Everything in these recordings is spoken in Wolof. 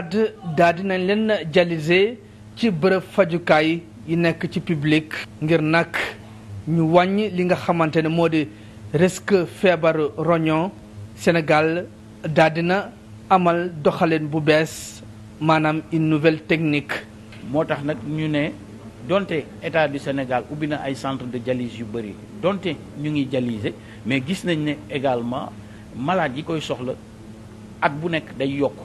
at daal di nañ leen jalisé ci bërëb fajukaay yi nekk ci public. ngir nag ñu wàññi li nga xamante ne moo di risque feebar roño Sénégal daal dina amal doxalin bu bees maanaam une nouvelle technique. moo tax nag ñu ne donte état du Sénégal ubbi na ay centre de dialyse yu bëri donte ñu ngi dialyser mais gis nañ ne également malade yi koy soxla at bu nekk day yokk.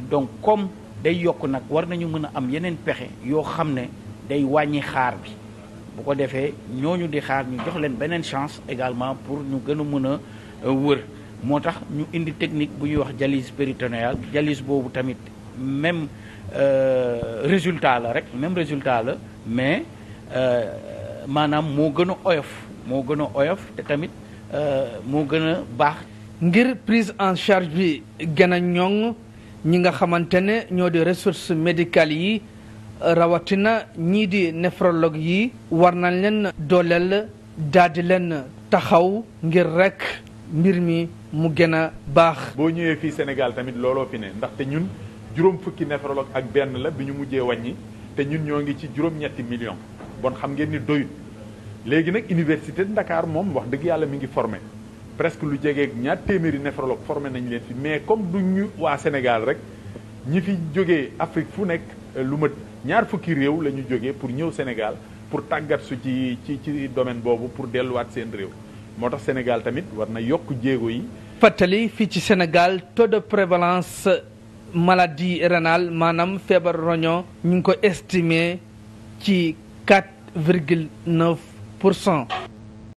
donc comme day yokk nag war nañu mën a am yeneen pexe yoo xam ne day wàññi xaar bi bu ko defee ñooñu di xaar ñu jox leen beneen chance également pour ñu gën a mën a euh, wër moo tax ñu indi technique bu ñuy wax jalis péritonéale dialyse boobu tamit même euh, résultat la rek même résultat la mais euh, maanaam moo gën a oyof moo gën a oyof te tamit moo gën a baax. ngir prise en charge bi gën a ñoŋ. ñi nga xamante ne ñoo di ressources médicales yi rawatina ñii di néphrologue yi war na leen dooleel daal di leen taxaw ngir rek mbir mi mu gën a baax. boo ñëwee fii Sénégal tamit looloo fi ne ndaxte ñun juróom fukki néphrologue ak benn la bi ñu mujjee wàññi te ñun ñoo ngi ci juróom-ñetti million bon xam ngeen ni doyut léegi nag université de ndakaar moom wax dëgg yàlla mi ngi formé. presque lu jegeeg ñaar téeméeri néphrologue formé nañ leen fi mais comme du ñu waa Sénégal rek ñi fi jógee Afrique fu nekk euh, lu mat ñaar fukki réew la ñu jógee pour ñëw Sénégal pour tàggat su ci ci ci domaine boobu pour delluwaat seen réew moo tax Sénégal tamit war na yokk jéego yi. fàttali fii ci Sénégal taux de prévalence maladie rénale maanaam feebar roño ñu ngi ko estimé ci 4 virgule 9 pour cent.